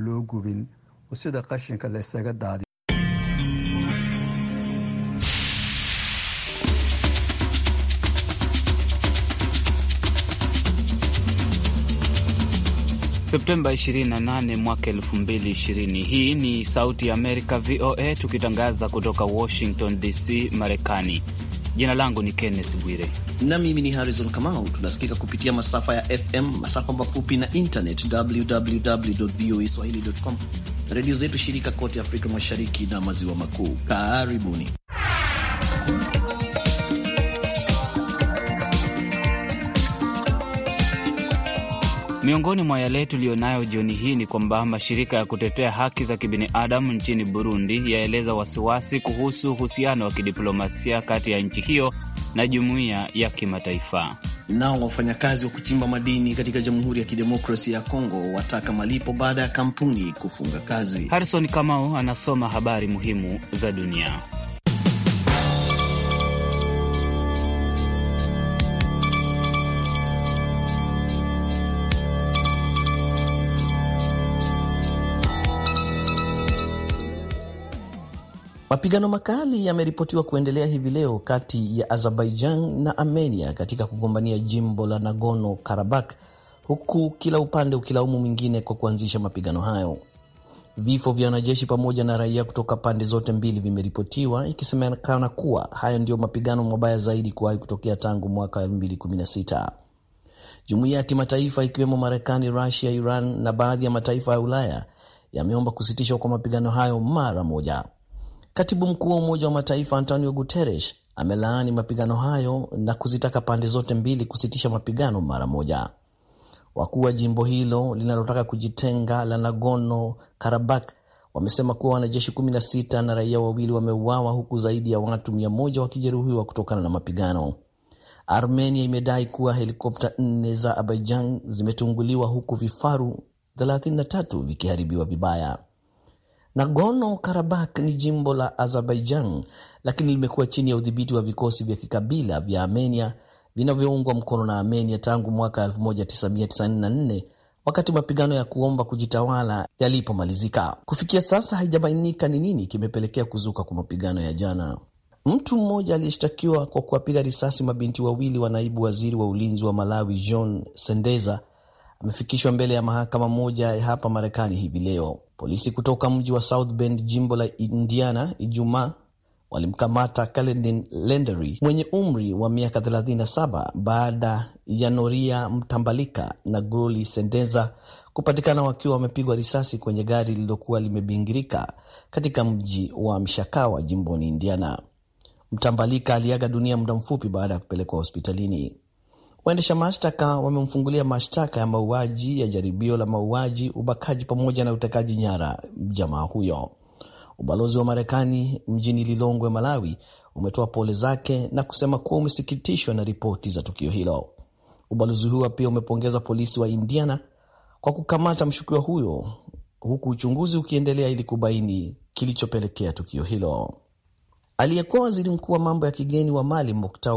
loo gubin oo sida qashinka laysaga daadi Septemba 28 mwaka 2020. Hii ni Sauti ya Amerika, VOA, tukitangaza kutoka Washington DC, Marekani. Jina langu ni Kenneth Bwire na mimi ni Harrison Kamau. Tunasikika kupitia masafa ya FM, masafa mafupi na internet, www voa swahili com, redio zetu shirika kote Afrika Mashariki na Maziwa Makuu. Karibuni. Miongoni mwa yale tuliyonayo jioni hii ni kwamba mashirika ya kutetea haki za kibinadamu nchini Burundi yaeleza wasiwasi kuhusu uhusiano wa kidiplomasia kati ya nchi hiyo na jumuiya ya kimataifa. Nao wafanyakazi wa kuchimba madini katika Jamhuri ya Kidemokrasia ya Kongo wataka malipo baada ya kampuni kufunga kazi. Harrison Kamau anasoma habari muhimu za dunia. Mapigano makali yameripotiwa kuendelea hivi leo kati ya Azerbaijan na Armenia katika kugombania jimbo la Nagorno Karabakh, huku kila upande ukilaumu mwingine kwa kuanzisha mapigano hayo. Vifo vya wanajeshi pamoja na raia kutoka pande zote mbili vimeripotiwa, ikisemekana kuwa hayo ndiyo mapigano mabaya zaidi kuwahi kutokea tangu mwaka 2016. Jumuiya ya kimataifa ikiwemo Marekani, Rusia, Iran na baadhi ya mataifa ya Ulaya yameomba kusitishwa kwa mapigano hayo mara moja. Katibu mkuu wa Umoja wa Mataifa Antonio Guterres amelaani mapigano hayo na kuzitaka pande zote mbili kusitisha mapigano mara moja. Wakuu wa jimbo hilo linalotaka kujitenga la Nagorno Karabakh wamesema kuwa wanajeshi 16 na raia wawili wameuawa huku zaidi ya watu 100 wakijeruhiwa kutokana na mapigano. Armenia imedai kuwa helikopta nne za Azerbaijan zimetunguliwa huku vifaru 33 vikiharibiwa vibaya. Nagorno Karabakh ni jimbo la Azerbaijan lakini limekuwa chini ya udhibiti wa vikosi vya kikabila vya Armenia vinavyoungwa mkono na Armenia tangu mwaka 1994 wakati mapigano ya kuomba kujitawala yalipomalizika. Kufikia sasa haijabainika ni nini kimepelekea kuzuka kwa mapigano ya jana. Mtu mmoja aliyeshtakiwa kwa kuwapiga risasi mabinti wawili wa naibu waziri wa ulinzi wa Malawi John Sendeza amefikishwa mbele ya mahakama moja ya hapa Marekani hivi leo. Polisi kutoka mji wa South Bend, jimbo la Indiana, Ijumaa walimkamata Kalendin Lendery mwenye umri wa miaka 37 baada ya Noria Mtambalika na Goli Sendeza kupatikana wakiwa wamepigwa risasi kwenye gari lililokuwa limebingirika katika mji wa Mshakawa, jimboni Indiana. Mtambalika aliaga dunia muda mfupi baada ya kupelekwa hospitalini. Waendesha mashtaka wamemfungulia mashtaka ya mauaji ya jaribio la mauaji, ubakaji pamoja na utekaji nyara jamaa huyo. Ubalozi wa Marekani mjini Lilongwe, Malawi, umetoa pole zake na kusema kuwa umesikitishwa na ripoti za tukio hilo. Ubalozi huo pia umepongeza polisi wa Indiana kwa kukamata mshukiwa huyo, huku uchunguzi ukiendelea ili kubaini kilichopelekea tukio hilo. Aliyekuwa waziri mkuu wa mambo ya kigeni wa Mali, Moktar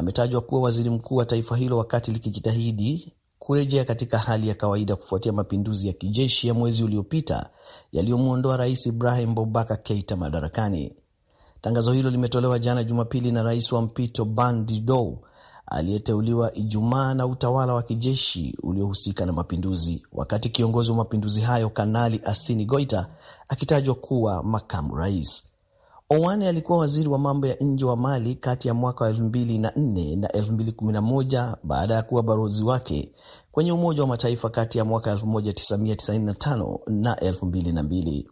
ametajwa kuwa waziri mkuu wa taifa hilo wakati likijitahidi kurejea katika hali ya kawaida kufuatia mapinduzi ya kijeshi ya mwezi uliopita yaliyomwondoa rais Ibrahim bobakar Keita madarakani. Tangazo hilo limetolewa jana Jumapili na rais wa mpito Ban Dow aliyeteuliwa Ijumaa na utawala wa kijeshi uliohusika na mapinduzi, wakati kiongozi wa mapinduzi hayo Kanali Asini Goita akitajwa kuwa makamu rais. Owane alikuwa waziri wa mambo ya nje wa Mali kati ya mwaka wa 2004 na 2011 baada ya kuwa balozi wake kwenye Umoja wa Mataifa kati ya mwaka 1995 na 2002.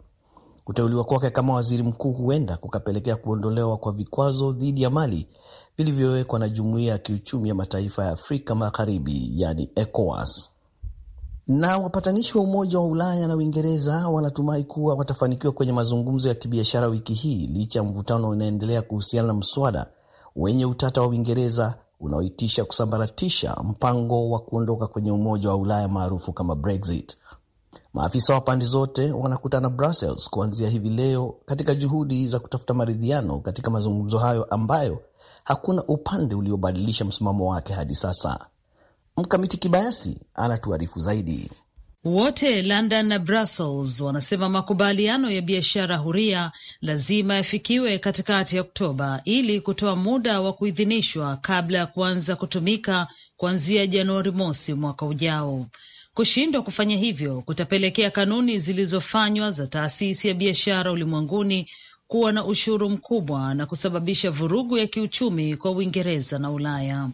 Kuteuliwa kwake kama waziri mkuu huenda kukapelekea kuondolewa kwa vikwazo dhidi ya Mali vilivyowekwa na Jumuiya ya Kiuchumi ya Mataifa ya Afrika Magharibi, yani ECOWAS. Na wapatanishi wa Umoja wa Ulaya na Uingereza wanatumai kuwa watafanikiwa kwenye mazungumzo ya kibiashara wiki hii licha ya mvutano unaendelea kuhusiana na mswada wenye utata wa Uingereza unaoitisha kusambaratisha mpango wa kuondoka kwenye Umoja wa Ulaya maarufu kama Brexit. Maafisa wa pande zote wanakutana Brussels kuanzia hivi leo katika juhudi za kutafuta maridhiano katika mazungumzo hayo ambayo hakuna upande uliobadilisha msimamo wake hadi sasa. Mkamiti Kibayasi anatuarifu zaidi. Wote London na Brussels wanasema makubaliano ya biashara huria lazima yafikiwe katikati ya Oktoba ili kutoa muda wa kuidhinishwa kabla ya kuanza kutumika kuanzia Januari mosi mwaka ujao. Kushindwa kufanya hivyo kutapelekea kanuni zilizofanywa za taasisi ya biashara ulimwenguni kuwa na ushuru mkubwa na kusababisha vurugu ya kiuchumi kwa Uingereza na Ulaya.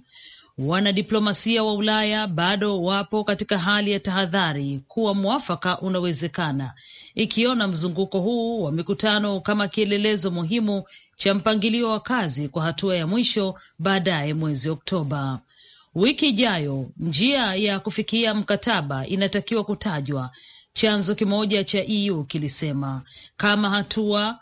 Wanadiplomasia wa Ulaya bado wapo katika hali ya tahadhari kuwa mwafaka unawezekana, ikiona mzunguko huu wa mikutano kama kielelezo muhimu cha mpangilio wa kazi kwa hatua ya mwisho baadaye mwezi Oktoba. Wiki ijayo njia ya kufikia mkataba inatakiwa kutajwa, chanzo kimoja cha EU kilisema. Kama hatua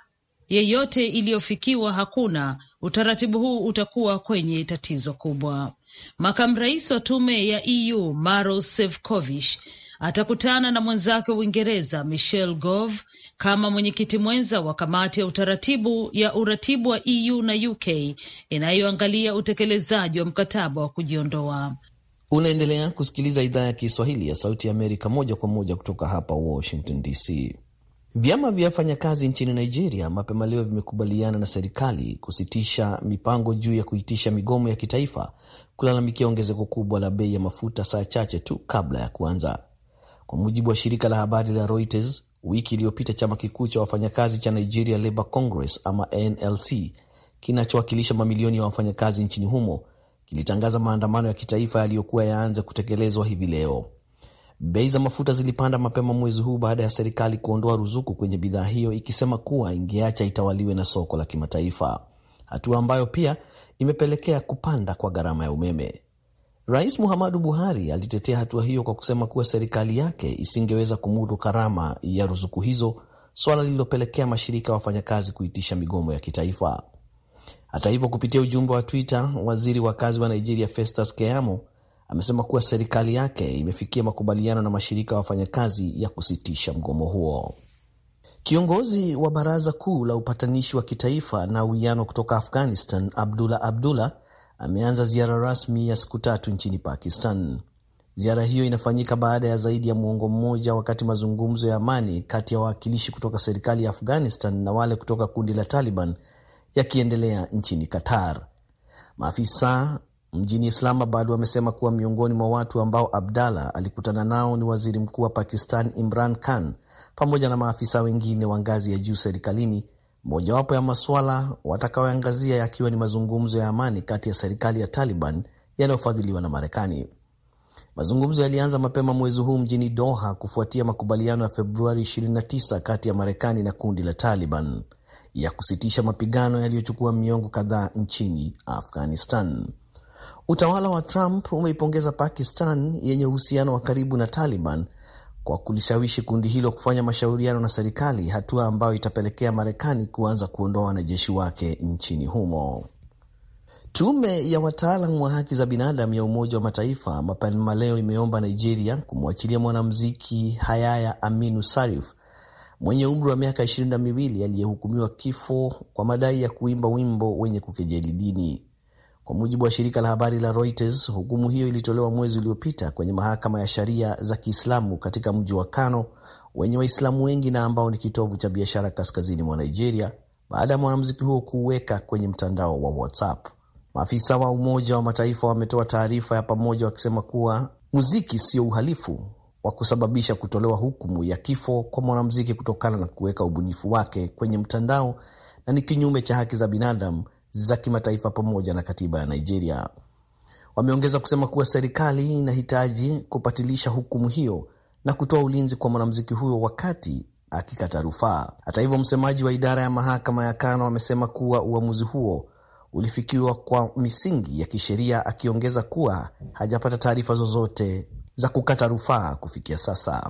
yeyote iliyofikiwa hakuna, utaratibu huu utakuwa kwenye tatizo kubwa. Makamu rais wa tume ya EU maro Sefcovic atakutana na mwenzake wa Uingereza Michel Gove kama mwenyekiti mwenza wa kamati ya utaratibu ya uratibu wa EU na UK inayoangalia utekelezaji wa mkataba wa kujiondoa. Unaendelea kusikiliza idhaa ya Kiswahili ya Sauti ya Amerika moja kwa moja kutoka hapa Washington DC. Vyama vya wafanyakazi nchini Nigeria mapema leo vimekubaliana na serikali kusitisha mipango juu ya kuitisha migomo ya kitaifa kulalamikia ongezeko kubwa la bei ya mafuta saa chache tu kabla ya kuanza. Kwa mujibu wa shirika la habari la Reuters, wiki iliyopita chama kikuu cha wafanyakazi cha Nigeria Labour Congress ama NLC kinachowakilisha mamilioni ya wafanyakazi nchini humo kilitangaza maandamano ya kitaifa yaliyokuwa yaanze kutekelezwa hivi leo. Bei za mafuta zilipanda mapema mwezi huu baada ya serikali kuondoa ruzuku kwenye bidhaa hiyo, ikisema kuwa ingeacha itawaliwe na soko la kimataifa, hatua ambayo pia imepelekea kupanda kwa gharama ya umeme. Rais Muhammadu Buhari alitetea hatua hiyo kwa kusema kuwa serikali yake isingeweza kumudu gharama ya ruzuku hizo, swala lililopelekea mashirika ya wafanyakazi kuitisha migomo ya kitaifa. Hata hivyo, kupitia ujumbe wa Twitter, waziri wa kazi wa Nigeria Festus Keyamo amesema kuwa serikali yake imefikia makubaliano na mashirika ya wafanyakazi ya kusitisha mgomo huo. Kiongozi wa Baraza Kuu la Upatanishi wa Kitaifa na Uwiano kutoka Afghanistan, Abdullah Abdullah, ameanza ziara rasmi ya siku tatu nchini Pakistan. Ziara hiyo inafanyika baada ya zaidi ya muongo mmoja, wakati mazungumzo ya amani kati ya wawakilishi kutoka serikali ya Afghanistan na wale kutoka kundi la Taliban yakiendelea nchini Qatar. Maafisa mjini Islamabad wamesema kuwa miongoni mwa watu ambao Abdallah alikutana nao ni waziri mkuu wa Pakistan Imran Khan pamoja na maafisa wengine wa ngazi ya juu serikalini, mojawapo ya masuala watakayoangazia yakiwa ni mazungumzo ya amani kati ya serikali ya Taliban yanayofadhiliwa na Marekani. Mazungumzo yalianza mapema mwezi huu mjini Doha kufuatia makubaliano ya Februari 29 kati ya Marekani na kundi la Taliban ya kusitisha mapigano yaliyochukua miongo kadhaa nchini Afghanistan. Utawala wa Trump umeipongeza Pakistan yenye uhusiano wa karibu na Taliban kwa kulishawishi kundi hilo kufanya mashauriano na serikali, hatua ambayo itapelekea Marekani kuanza kuondoa wanajeshi wake nchini humo. Tume ya wataalam wa haki za binadamu ya Umoja wa Mataifa mapema leo imeomba Nigeria kumwachilia mwanamuziki Hayaya Aminu Sarif mwenye umri wa miaka ishirini na miwili aliyehukumiwa kifo kwa madai ya kuimba wimbo wenye kukejeli dini kwa mujibu wa shirika la habari la Reuters. Hukumu hiyo ilitolewa mwezi uliopita kwenye mahakama ya sharia za Kiislamu katika mji wa Kano wenye Waislamu wengi na ambao ni kitovu cha biashara kaskazini mwa Nigeria, baada ya mwanamuziki huo kuuweka kwenye mtandao wa WhatsApp. Maafisa wa Umoja wa Mataifa wametoa taarifa ya pamoja wakisema kuwa muziki sio uhalifu wa kusababisha kutolewa hukumu ya kifo kwa mwanamuziki kutokana na kuweka ubunifu wake kwenye mtandao na ni kinyume cha haki za binadamu za kimataifa pamoja na katiba ya Nigeria. Wameongeza kusema kuwa serikali inahitaji kupatilisha hukumu hiyo na kutoa ulinzi kwa mwanamuziki huyo wakati akikata rufaa. Hata hivyo, msemaji wa idara ya mahakama ya Kano amesema kuwa uamuzi huo ulifikiwa kwa misingi ya kisheria, akiongeza kuwa hajapata taarifa zozote za kukata rufaa kufikia sasa.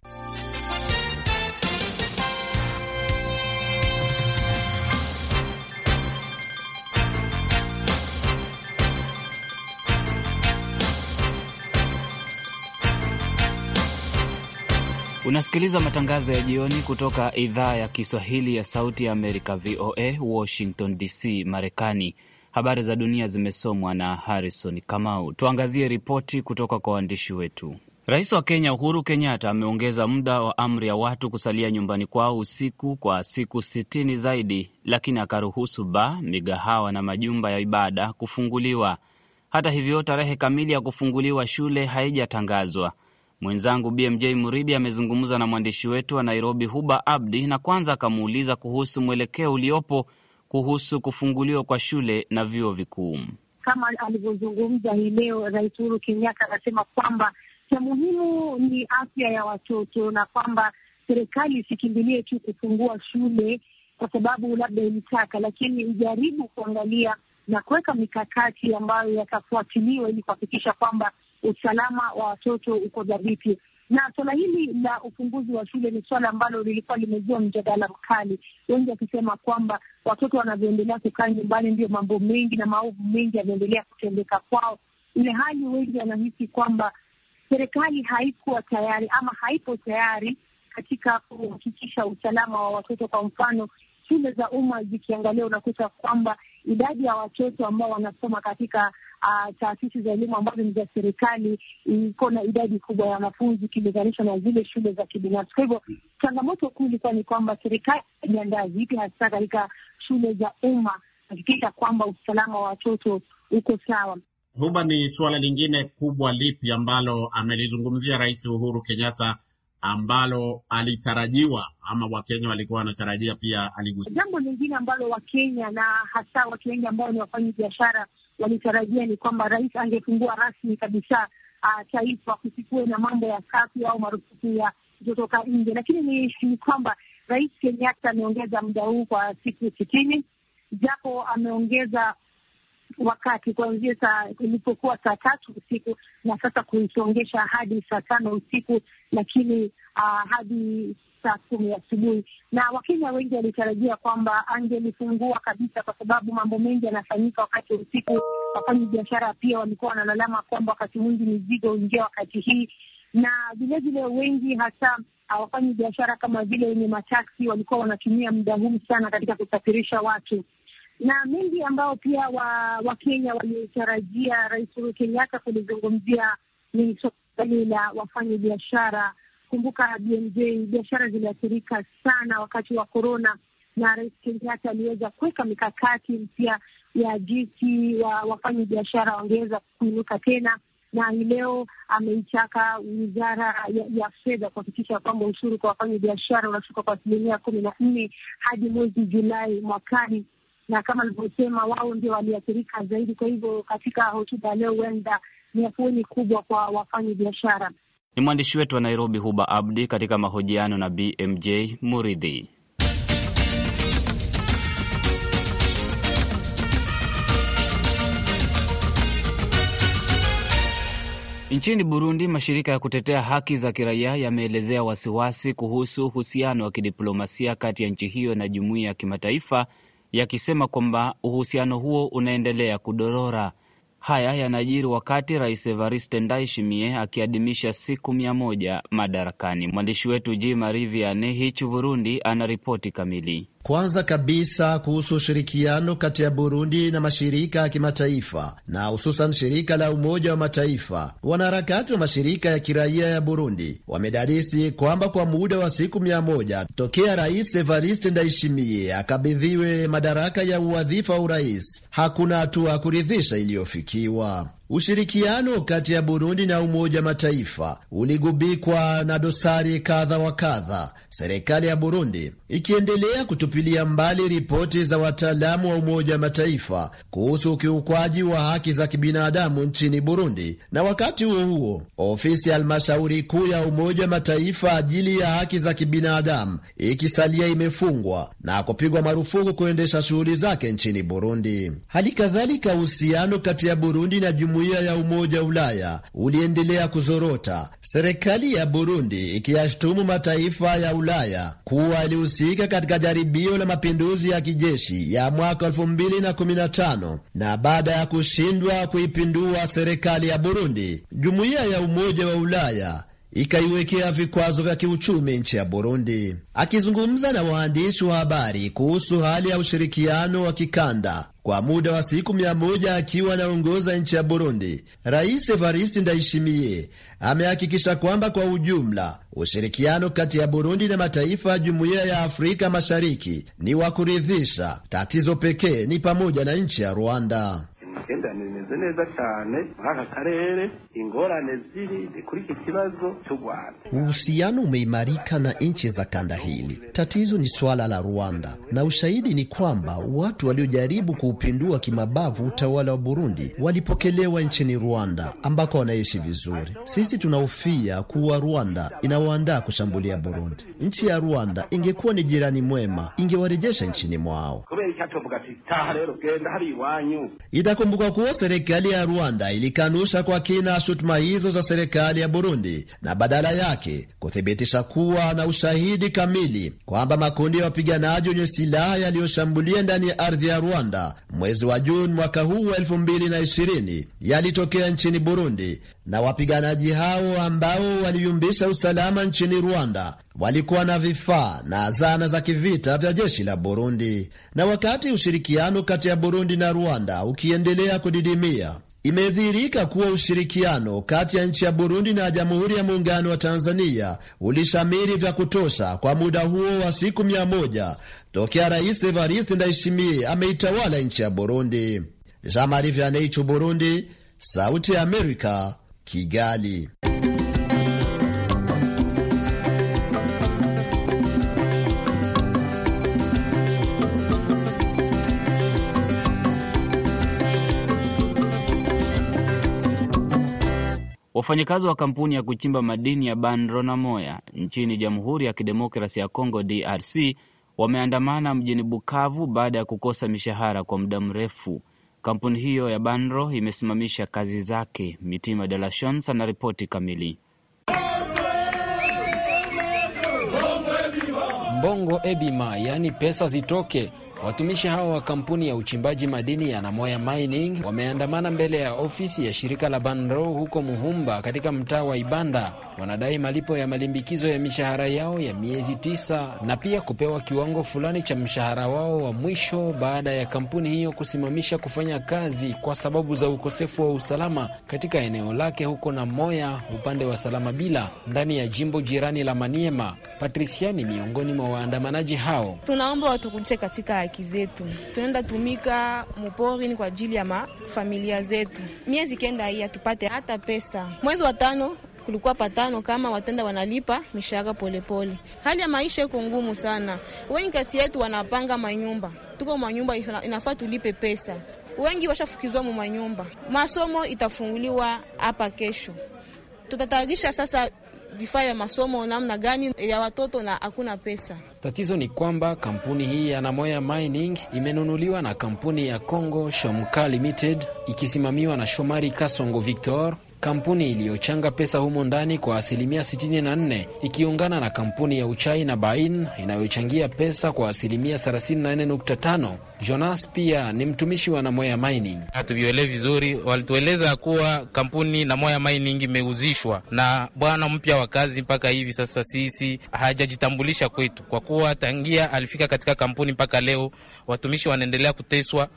Unasikiliza matangazo ya jioni kutoka idhaa ya Kiswahili ya Sauti ya Amerika, VOA Washington DC, Marekani. Habari za dunia zimesomwa na Harrison Kamau. Tuangazie ripoti kutoka kwa waandishi wetu. Rais wa Kenya Uhuru Kenyatta ameongeza muda wa amri ya watu kusalia nyumbani kwao usiku kwa siku sitini zaidi, lakini akaruhusu ba migahawa na majumba ya ibada kufunguliwa. Hata hivyo, tarehe kamili ya kufunguliwa shule haijatangazwa. Mwenzangu BMJ Muridi amezungumza na mwandishi wetu wa Nairobi, Huba Abdi, na kwanza akamuuliza kuhusu mwelekeo uliopo kuhusu kufunguliwa kwa shule na vyuo vikuu. Kama alivyozungumza hii leo Rais Uhuru Kenyatta anasema kwamba cha muhimu ni afya ya watoto na kwamba serikali isikimbilie tu kufungua shule kwa sababu labda ilitaka, lakini ijaribu kuangalia na kuweka mikakati ambayo yatafuatiliwa ili kuhakikisha kwamba usalama wa watoto uko dhabiti. Na suala hili la ufunguzi wa shule ni suala ambalo lilikuwa limezua mjadala mkali, wengi wakisema kwamba watoto wanavyoendelea kukaa nyumbani ndio mambo mengi na maovu mengi yanaendelea kutendeka kwao, ile hali wengi wanahisi kwamba serikali haikuwa tayari ama haipo tayari katika kuhakikisha usalama wa watoto. Kwa mfano, shule za umma zikiangalia, unakuta kwamba idadi ya watoto ambao wanasoma katika uh, taasisi za elimu ambazo ni za serikali iko na idadi kubwa ya wanafunzi ikilinganishwa na zile shule za kibinafsi. Kwa hivyo changamoto kuu ilikuwa ni kwamba serikali ajiandaa vipi, hasa katika shule za umma hakikisha kwamba usalama wa watoto uko sawa. Huba, ni suala lingine kubwa lipi ambalo amelizungumzia Rais Uhuru Kenyatta ambalo alitarajiwa ama Wakenya walikuwa wanatarajia pia aligusia. Jambo lingine ambalo Wakenya na hasa watu wengi ambao ni wafanyi biashara walitarajia ni kwamba rais angefungua rasmi kabisa uh, taifa, kusikuwe na mambo ya safi au marufuku ya kutotoka nje, lakini ni kwamba Rais Kenyatta ameongeza muda huu kwa siku sitini, japo ameongeza wakati kuanzia saa ilipokuwa saa tatu usiku na sasa kuisongesha hadi saa tano usiku, lakini uh, hadi saa kumi asubuhi. Na Wakenya wengi walitarajia kwamba angelifungua kabisa, kwa sababu mambo mengi yanafanyika wakati wa usiku. Wafanyi biashara pia walikuwa wanalalama kwamba wakati mwingi mizigo uingia wakati hii, na vilevile wengi hasa ah, wafanyi biashara kama vile wenye mataksi walikuwa wanatumia muda huu sana katika kusafirisha watu na mengi ambao pia Wakenya wa walitarajia Rais Uhuru Kenyatta kulizungumzia ni swali la wafanya biashara. Kumbuka BMJ, biashara ziliathirika sana wakati wa korona, na Rais Kenyatta aliweza kuweka mikakati mpya ya jinsi wa wafanya biashara wangeweza kuinuka tena, na hii leo ameitaka wizara ya, ya fedha kuhakikisha kwamba ushuru kwa wafanya biashara unashuka kwa asilimia kumi na nne hadi mwezi Julai mwakani na kama alivyosema, wao ndio waliathirika zaidi. Kwa hivyo katika hotuba leo, huenda ni afueni kubwa kwa wafanyi biashara. Ni mwandishi wetu wa Nairobi, Huba Abdi, katika mahojiano na BMJ Muridhi. Nchini Burundi, mashirika ya kutetea haki za kiraia yameelezea wasiwasi kuhusu uhusiano wa kidiplomasia kati ya nchi hiyo na jumuiya ya kimataifa yakisema kwamba uhusiano huo unaendelea kudorora. Haya yanajiri wakati Rais Evariste Ndayishimiye akiadhimisha siku mia moja madarakani. Mwandishi wetu j Marie Vianney Hichu, Burundi, ana ripoti kamili. Kwanza kabisa kuhusu ushirikiano kati ya Burundi na mashirika ya kimataifa na hususan shirika la Umoja wa Mataifa, wanaharakati wa mashirika ya kiraia ya Burundi wamedadisi kwamba kwa muda wa siku mia moja tokea Rais Evariste Ndayishimiye akabidhiwe madaraka ya uwadhifa wa urais hakuna hatua ya kuridhisha iliyofikiwa. Ushirikiano kati ya Burundi na Umoja Mataifa uligubikwa na dosari kadha wa kadha, serikali ya Burundi ikiendelea kutupilia mbali ripoti za wataalamu wa Umoja Mataifa kuhusu ukiukwaji wa haki za kibinadamu nchini Burundi. Na wakati huo huo, ofisi ya halmashauri kuu ya Umoja Mataifa ajili ya haki za kibinadamu ikisalia imefungwa na kupigwa marufuku kuendesha shughuli zake nchini Burundi. Hali kadhalika uhusiano kati ya Burundi na jumu jumuiya ya Umoja wa Ulaya uliendelea kuzorota, serikali ya Burundi ikiyashutumu mataifa ya Ulaya kuwa ilihusika katika jaribio la mapinduzi ya kijeshi ya mwaka 2015 na baada ya kushindwa kuipindua serikali ya Burundi, jumuiya ya Umoja wa Ulaya ikaiwekea vikwazo vya kiuchumi nchi ya Burundi. Akizungumza na waandishi wa habari kuhusu hali ya ushirikiano wa kikanda kwa muda wa siku mia moja akiwa anaongoza nchi ya Burundi, Rais Evariste Ndayishimiye amehakikisha kwamba kwa ujumla ushirikiano kati ya Burundi na mataifa ya jumuiya ya Afrika Mashariki ni wa kuridhisha. Tatizo pekee ni pamoja na nchi ya Rwanda icyenda nimeze neza cyane muri aka karere ingorane ziri kuri iki kibazo cyo Rwanda. Uhusiano umeimarika na nchi za kanda hili. Tatizo ni swala la Rwanda, na ushahidi ni kwamba watu waliojaribu kuupindua kimabavu utawala wa Burundi walipokelewa nchini Rwanda ambako wanaishi vizuri. Sisi tunahofia kuwa Rwanda inawaandaa kushambulia Burundi. Nchi ya Rwanda ingekuwa ni jirani mwema, ingewarejesha nchini mwao. Itakumbuka kwa kuwa serikali ya Rwanda ilikanusha kwa kina shutuma hizo za serikali ya Burundi na badala yake kuthibitisha kuwa na ushahidi kamili kwamba makundi ya wapiganaji wenye silaha yaliyoshambulia ndani ya ardhi ya Rwanda mwezi wa Juni mwaka huu wa 2020 yalitokea nchini Burundi na wapiganaji hao ambao waliyumbisha usalama nchini Rwanda walikuwa na vifaa na zana za kivita vya jeshi la Burundi. Na wakati ushirikiano kati ya Burundi na Rwanda ukiendelea kudidimia, imedhihirika kuwa ushirikiano kati ya nchi ya Burundi na Jamhuri ya Muungano wa Tanzania ulishamiri vya kutosha kwa muda huo wa siku mia moja tokea Rais Evariste Ndayishimiye ameitawala nchi ya Burundi. Jean Marie Vianney, Burundi, Sauti ya Amerika, Kigali. Wafanyakazi wa kampuni ya kuchimba madini ya moya nchini Jamhuri ya Kidemokrasi ya congo DRC wameandamana mjini Bukavu baada ya kukosa mishahara kwa muda mrefu. Kampuni hiyo ya Banro imesimamisha kazi zake. Mitima De La Shans ana ripoti kamili. Mbongo ebima, yaani pesa zitoke Watumishi hao wa kampuni ya uchimbaji madini ya Namoya Mining wameandamana mbele ya ofisi ya shirika la Banro huko Muhumba katika mtaa wa Ibanda Wanadai malipo ya malimbikizo ya mishahara yao ya miezi tisa na pia kupewa kiwango fulani cha mshahara wao wa mwisho baada ya kampuni hiyo kusimamisha kufanya kazi kwa sababu za ukosefu wa usalama katika eneo lake huko na moya upande wa salama bila ndani ya jimbo jirani la Maniema. Patricia ni miongoni mwa waandamanaji hao. Tunaomba watukulishe katika haki zetu, tunaenda tumika muporini kwa ajili ya mafamilia zetu. Miezi kenda hii hatupate hata pesa. Mwezi wa tano kulikuwa patano kama watenda wanalipa mishahara polepole. Hali ya maisha iko ngumu sana, wengi kati yetu wanapanga manyumba, tuko manyumba inafaa tulipe pesa, wengi washafukizwa mu manyumba. Masomo itafunguliwa hapa kesho, tutatayarisha sasa vifaa vya masomo namna gani ya watoto na hakuna pesa. Tatizo ni kwamba kampuni hii ya Namoya Mining imenunuliwa na kampuni ya Congo Shomka Limited ikisimamiwa na Shomari Kasongo Victor kampuni iliyochanga pesa humo ndani kwa asilimia 64 ikiungana na kampuni ya uchai na Bain inayochangia pesa kwa asilimia 34.5. Jonas pia ni mtumishi wa Namoya Mining. Hatuvielewi vizuri, walitueleza kuwa kampuni Namoya Mining imeuzishwa na bwana mpya wa kazi. Mpaka hivi sasa sisi hajajitambulisha kwetu, kwa kuwa tangia alifika katika kampuni mpaka leo watumishi wanaendelea kuteswa,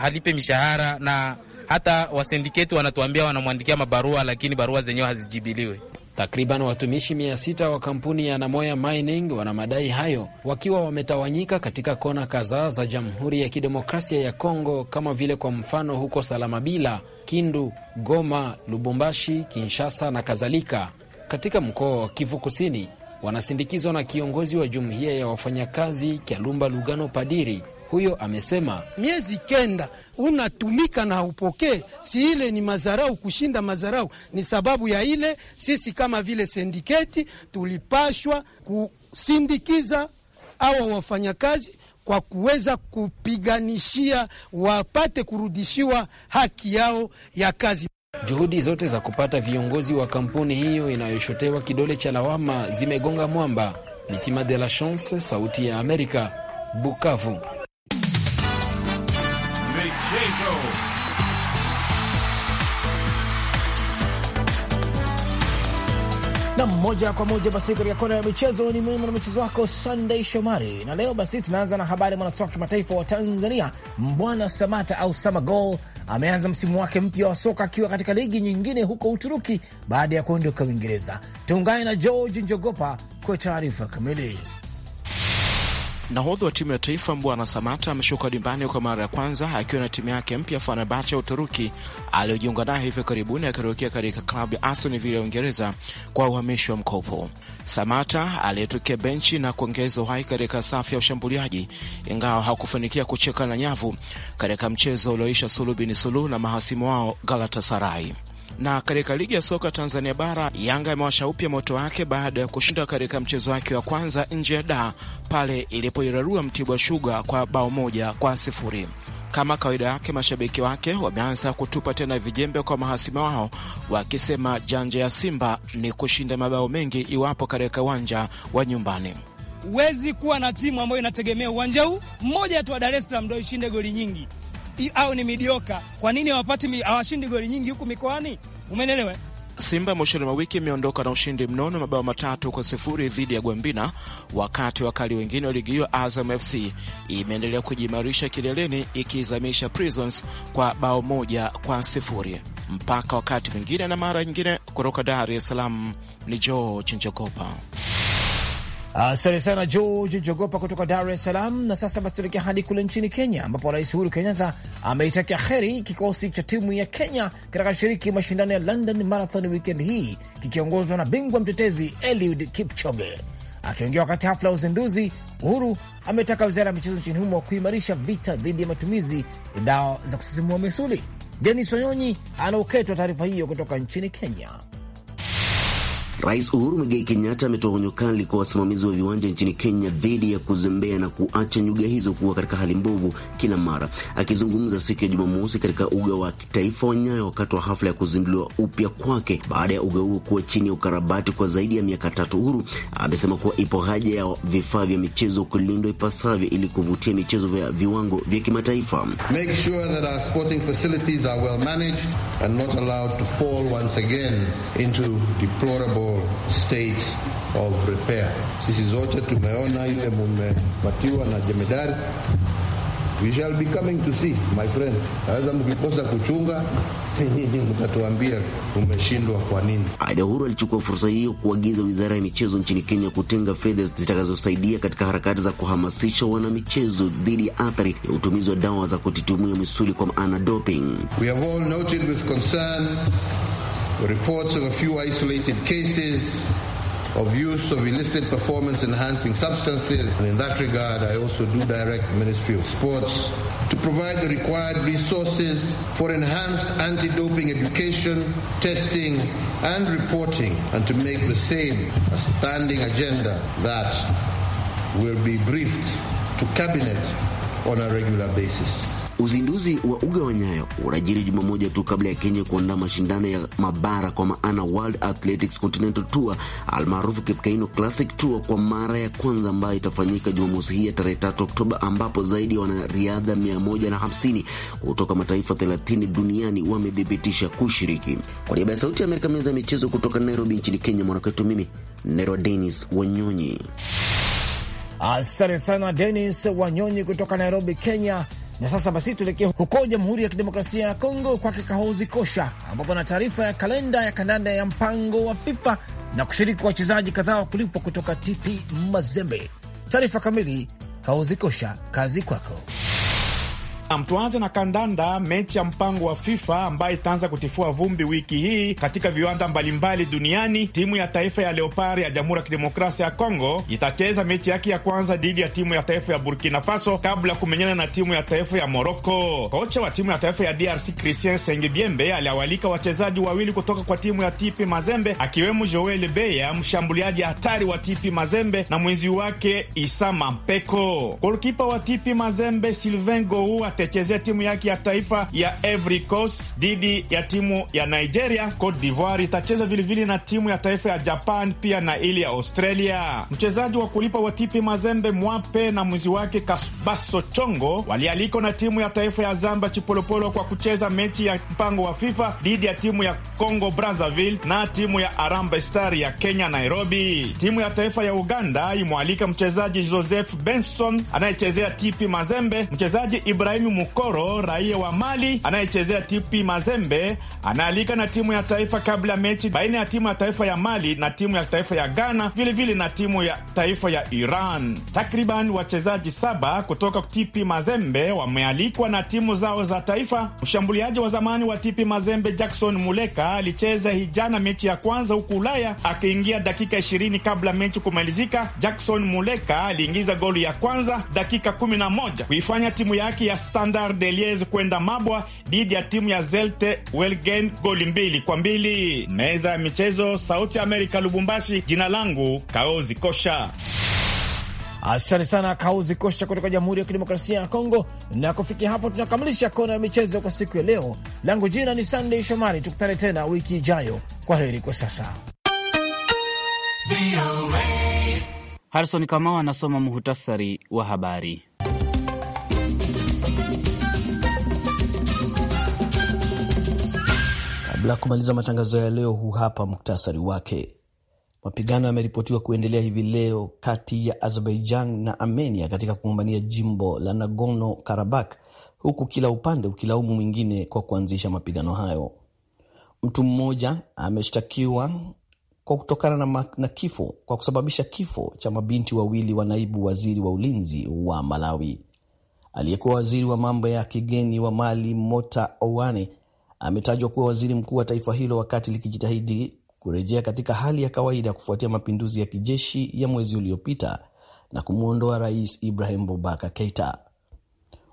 halipe mishahara na hata wasindiketi wanatuambia wanamwandikia mabarua, lakini barua zenyewe hazijibiliwe. Takriban watumishi mia sita wa kampuni ya Namoya Mining wana madai hayo wakiwa wametawanyika katika kona kadhaa za Jamhuri ya Kidemokrasia ya Kongo, kama vile kwa mfano huko Salamabila, Kindu, Goma, Lubumbashi, Kinshasa na kadhalika. Katika mkoa wa Kivu Kusini wanasindikizwa na kiongozi wa jumuiya ya wafanyakazi Kyalumba Lugano Padiri huyo amesema miezi kenda unatumika na upokee, si ile ni mazarau, kushinda mazarau. Ni sababu ya ile sisi kama vile sindiketi tulipashwa kusindikiza awa wafanyakazi kwa kuweza kupiganishia wapate kurudishiwa haki yao ya kazi. Juhudi zote za kupata viongozi wa kampuni hiyo inayoshotewa kidole cha lawama zimegonga mwamba. Mitima de la Chance, Sauti ya Amerika, Bukavu michezo. Na moja kwa moja basi katika kona ya michezo ni mimi na michezo wako Sunday Shomari, na leo basi tunaanza na habari mwanasoka kimataifa wa Tanzania Mbwana Samata au Samagol ameanza msimu wake mpya wa soka akiwa katika ligi nyingine huko Uturuki baada ya kuondoka Uingereza. Tuungane na George Njogopa kwa taarifa kamili. Nahodha wa timu ya taifa Mbwana Samata ameshuka dimbani kwa mara ya kwanza akiwa na timu yake mpya Fenerbahce ya Uturuki aliyojiunga naye hivi karibuni akitokea katika klabu ya Aston Villa ya Uingereza kwa uhamishi wa mkopo. Samata aliyetokea benchi na kuongeza uhai katika safu ya ushambuliaji, ingawa hakufanikia kucheka na nyavu katika mchezo ulioisha suluhu bini suluhu na mahasimu wao Galatasaray. Na katika ligi ya soka Tanzania Bara, Yanga imewasha upya moto wake baada ya kushinda katika mchezo wake wa kwanza nje ya daa pale ilipoirarua Mtibwa Shuga kwa bao moja kwa sifuri. Kama kawaida yake, mashabiki wake wameanza kutupa tena vijembe kwa mahasima wao, wakisema janja ya Simba ni kushinda mabao mengi iwapo katika uwanja wa nyumbani. Huwezi kuwa na timu ambayo inategemea uwanja huu mmoja tu wa Dar es Salaam ndio ishinde goli nyingi au ni midioka? Kwa nini hawapati hawashindi goli nyingi huku mikoani? Umenelewa? Simba mwishoni mwa wiki imeondoka na ushindi mnono mabao matatu kwa sifuri dhidi ya Gwambina, wakati wakali wengine wa ligi hiyo Azam FC imeendelea kujiimarisha kileleni ikizamisha Prisons kwa bao moja kwa sifuri. Mpaka wakati mwingine na mara nyingine, kutoka Dar es Salaam ni George Njogopa. Ah, asante uh, sana George Jogopa kutoka Dar es Salaam. Na sasa basi tuelekea hadi kule nchini Kenya, ambapo Rais Uhuru Kenyatta ameitakia heri kikosi cha timu ya Kenya katika shiriki mashindano ya London Marathon wekend hii kikiongozwa na bingwa mtetezi Eliud Kipchoge. Akiongea wakati hafla ya uzinduzi, Uhuru ametaka wizara ya michezo nchini humo kuimarisha vita dhidi ya matumizi ya dawa za kusisimua misuli. Denis Wanyonyi anaoketwa taarifa hiyo kutoka nchini Kenya. Rais Uhuru Muigai Kenyatta ametoa onyo kali kwa wasimamizi wa viwanja nchini Kenya dhidi ya kuzembea na kuacha nyuga hizo kuwa katika hali mbovu kila mara. Akizungumza siku ya Jumamosi katika uga wa kitaifa wa Nyayo wakati wa hafla ya kuzinduliwa upya kwake baada ya uga huo kuwa chini ya ukarabati kwa zaidi ya miaka tatu, Uhuru amesema kuwa ipo haja ya vifaa vya michezo kulindwa ipasavyo ili kuvutia michezo vya viwango vya kimataifa. Make sure that our sporting facilities are well managed and not allowed to fall once again into deplorable state of repair. Sisi zote tumeona ile mumepatiwa na jemedari. We shall be coming to see my friend. mkikosa kuchunga mtatuambia umeshindwa kwa nini. Aida Huru alichukua fursa hiyo kuagiza wizara ya michezo nchini Kenya kutenga fedha zitakazosaidia katika harakati za kuhamasisha wanamichezo dhidi ya athari ya utumizi wa dawa za kutitumia misuli kwa maana doping. We have all noted with concern reports of a few isolated cases of use of illicit performance enhancing substances. And in that regard, I also do direct the Ministry of Sports to provide the required resources for enhanced anti doping education, testing, and reporting, and to make the same a standing agenda that will be briefed to Cabinet on a regular basis. Uzinduzi wa uga wa Nyayo unajiri juma moja tu kabla ya Kenya kuandaa mashindano ya mabara kwa maana World Athletics Continental Tour almaarufu Kipkaino Classic Tour kwa mara ya kwanza ambayo itafanyika Jumamosi hii ya tarehe tatu Oktoba, ambapo zaidi ya wanariadha hamsini kutoka mataifa thelathini duniani wamethibitisha kushiriki. Kwa niaba ya Sauti ya Amerika, meza ya michezo kutoka Nairobi nchini Kenya, mwanakwetu mimi Nero Denis Wanyonyi. Asante sana Denis Wanyonyi kutoka Nairobi, Kenya. Na sasa basi tuelekee huko Jamhuri ya Kidemokrasia ya Kongo kwake Kahozi Kosha, ambapo na taarifa ya kalenda ya kandanda ya mpango wa FIFA na kushiriki kwa wachezaji kadhaa wa kulipwa kutoka TP Mazembe. Taarifa kamili, Kahozi Kosha, kazi kwako mtuanze na kandanda, mechi ya mpango wa FIFA ambayo itaanza kutifua vumbi wiki hii katika viwanda mbalimbali duniani. Timu ya taifa ya Leopard ya Jamhuri ya Kidemokrasia ya Kongo itacheza mechi yake ya kwanza dhidi ya timu ya taifa ya Burkina Faso kabla ya kumenyana na timu ya taifa ya Moroko. Kocha wa timu ya taifa ya DRC Christian Sengibiembe aliawalika wachezaji wawili kutoka kwa timu ya TP Mazembe akiwemo Joel Beya, mshambuliaji hatari wa TP Mazembe na mwenzi wake Isama Mpeko. Golkipa wa TP Mazembe Sylvain Gou atachezea timu yake ya taifa ya Ivory Coast dhidi ya timu ya Nigeria. Cote d'Ivoire itacheza vilevile na timu ya taifa ya Japan pia na ile ya Australia. Mchezaji wa kulipa wa TP Mazembe Mwape na mwizi wake Kasbaso Chongo walialikwa na timu ya taifa ya zamba Chipolopolo kwa kucheza mechi ya mpango wa FIFA dhidi ya timu ya Congo Brazzaville na timu ya Harambee Star ya Kenya Nairobi. Timu ya taifa ya Uganda imwalika mchezaji Joseph Benson anayechezea TP Mazembe, mchezaji Ibrahim Mukoro, raia wa Mali anayechezea TP Mazembe, anaalika na timu ya taifa kabla ya mechi baina ya timu ya taifa ya Mali na timu ya taifa ya Ghana, vilevile vile na timu ya taifa ya Iran. Takriban wachezaji saba kutoka TP Mazembe wamealikwa na timu zao za taifa. Mshambuliaji wa zamani wa TP Mazembe Jackson Muleka alicheza hijana mechi ya kwanza huku Ulaya akiingia dakika 20 kabla mechi kumalizika. Jackson Muleka aliingiza goli ya kwanza dakika 11 kuifanya timu yake ya Star Standard de Liege kwenda Mabwa dhidi ya timu ya Zelte Welgen goli mbili kwa mbili. Meza ya michezo, Sauti ya Amerika, Lubumbashi. Jina langu Kaozi Kosha. Asante sana Kauzi Kosha kutoka Jamhuri ya Kidemokrasia ya Kongo. Na kufikia hapo, tunakamilisha kona ya michezo kwa siku ya leo. Langu jina ni Sandey Shomari, tukutane tena wiki ijayo. Kwa heri kwa sasa. Harison Kamau anasoma muhutasari wa habari. Kabla ya kumaliza matangazo ya leo, huu hapa muktasari wake. Mapigano yameripotiwa kuendelea hivi leo kati ya Azerbaijan na Armenia katika kugombania jimbo la Nagorno Karabakh, huku kila upande ukilaumu mwingine kwa kuanzisha mapigano hayo. Mtu mmoja ameshtakiwa kwa kutokana na, na kifo kwa kusababisha kifo cha mabinti wawili wa naibu waziri wa ulinzi wa Malawi. Aliyekuwa waziri wa mambo ya kigeni wa Mali Mota Owane ametajwa kuwa waziri mkuu wa taifa hilo wakati likijitahidi kurejea katika hali ya kawaida kufuatia mapinduzi ya kijeshi ya mwezi uliopita na kumwondoa rais Ibrahim Boubacar Keita.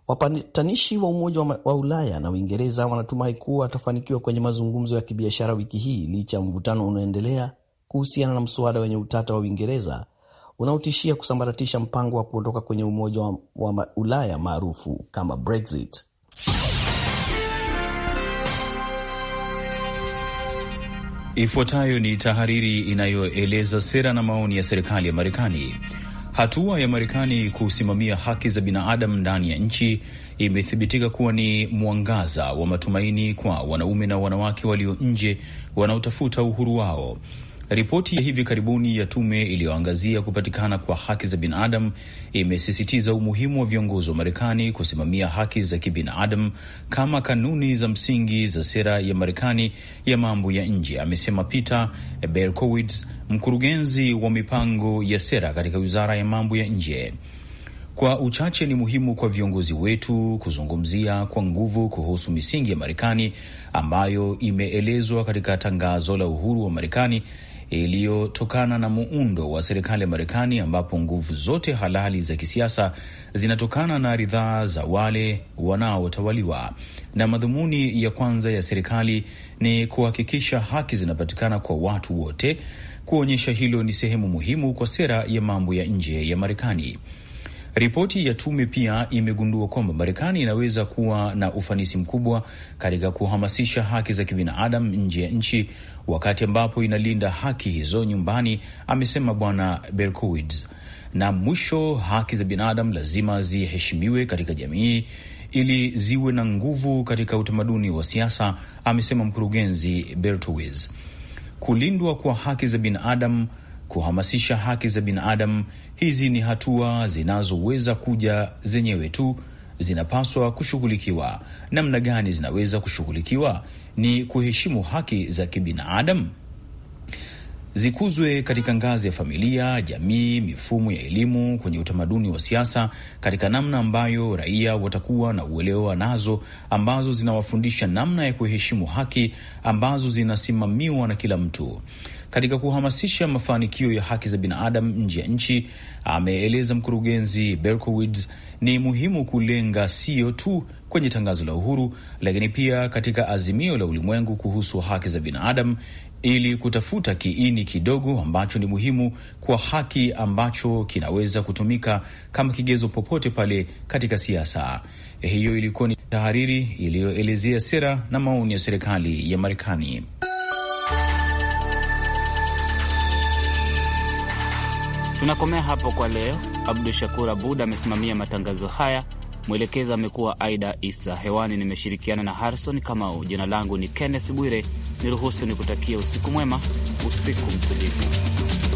Wapatanishi wa Umoja wa Ulaya na Uingereza wanatumai kuwa atafanikiwa kwenye mazungumzo ya kibiashara wiki hii licha ya mvutano unaoendelea kuhusiana na mswada wenye utata wa Uingereza unaotishia kusambaratisha mpango wa kuondoka kwenye Umoja wa Ulaya maarufu kama Brexit. Ifuatayo ni tahariri inayoeleza sera na maoni ya serikali ya Marekani. Hatua ya Marekani kusimamia haki za binadamu ndani ya nchi imethibitika kuwa ni mwangaza wa matumaini kwa wanaume na wanawake walio nje wanaotafuta uhuru wao. Ripoti ya hivi karibuni ya tume iliyoangazia kupatikana kwa haki za binadamu imesisitiza umuhimu wa viongozi wa Marekani kusimamia haki za kibinadamu kama kanuni za msingi za sera ya Marekani ya mambo ya nje, amesema Peter Berkowitz, mkurugenzi wa mipango ya sera katika wizara ya mambo ya nje. Kwa uchache ni muhimu kwa viongozi wetu kuzungumzia kwa nguvu kuhusu misingi ya Marekani ambayo imeelezwa katika tangazo la uhuru wa Marekani iliyotokana na muundo wa serikali ya Marekani ambapo nguvu zote halali za kisiasa zinatokana na ridhaa za wale wanaotawaliwa, na madhumuni ya kwanza ya serikali ni kuhakikisha haki zinapatikana kwa watu wote. Kuonyesha hilo ni sehemu muhimu kwa sera ya mambo ya nje ya Marekani. Ripoti ya tume pia imegundua kwamba Marekani inaweza kuwa na ufanisi mkubwa katika kuhamasisha haki za kibinadamu nje ya nchi wakati ambapo inalinda haki hizo nyumbani, amesema Bwana Berkowitz. Na mwisho, haki za binadamu lazima ziheshimiwe katika jamii ili ziwe na nguvu katika utamaduni wa siasa, amesema mkurugenzi Berkowitz. Kulindwa kwa haki za binadamu kuhamasisha haki za binadamu. Hizi ni hatua zinazoweza kuja zenyewe tu, zinapaswa kushughulikiwa. Namna gani zinaweza kushughulikiwa? Ni kuheshimu haki za kibinadamu, zikuzwe katika ngazi ya familia, jamii, mifumo ya elimu, kwenye utamaduni wa siasa, katika namna ambayo raia watakuwa na uelewa nazo, ambazo zinawafundisha namna ya kuheshimu haki ambazo zinasimamiwa na kila mtu katika kuhamasisha mafanikio ya haki za binadamu nje ya nchi, ameeleza mkurugenzi Berkowitz, ni muhimu kulenga sio tu kwenye tangazo la uhuru, lakini pia katika azimio la ulimwengu kuhusu haki za binadamu ili kutafuta kiini kidogo ambacho ni muhimu kwa haki ambacho kinaweza kutumika kama kigezo popote pale katika siasa. Hiyo ilikuwa ni tahariri iliyoelezea sera na maoni ya serikali ya Marekani. Tunakomea hapo kwa leo. Abdu Shakur Abud amesimamia matangazo haya, mwelekezi amekuwa Aida Isa. Hewani nimeshirikiana na Harrison Kamau. Jina langu ni Kenneth Bwire, niruhusu kutakia usiku mwema, usiku mtulivu.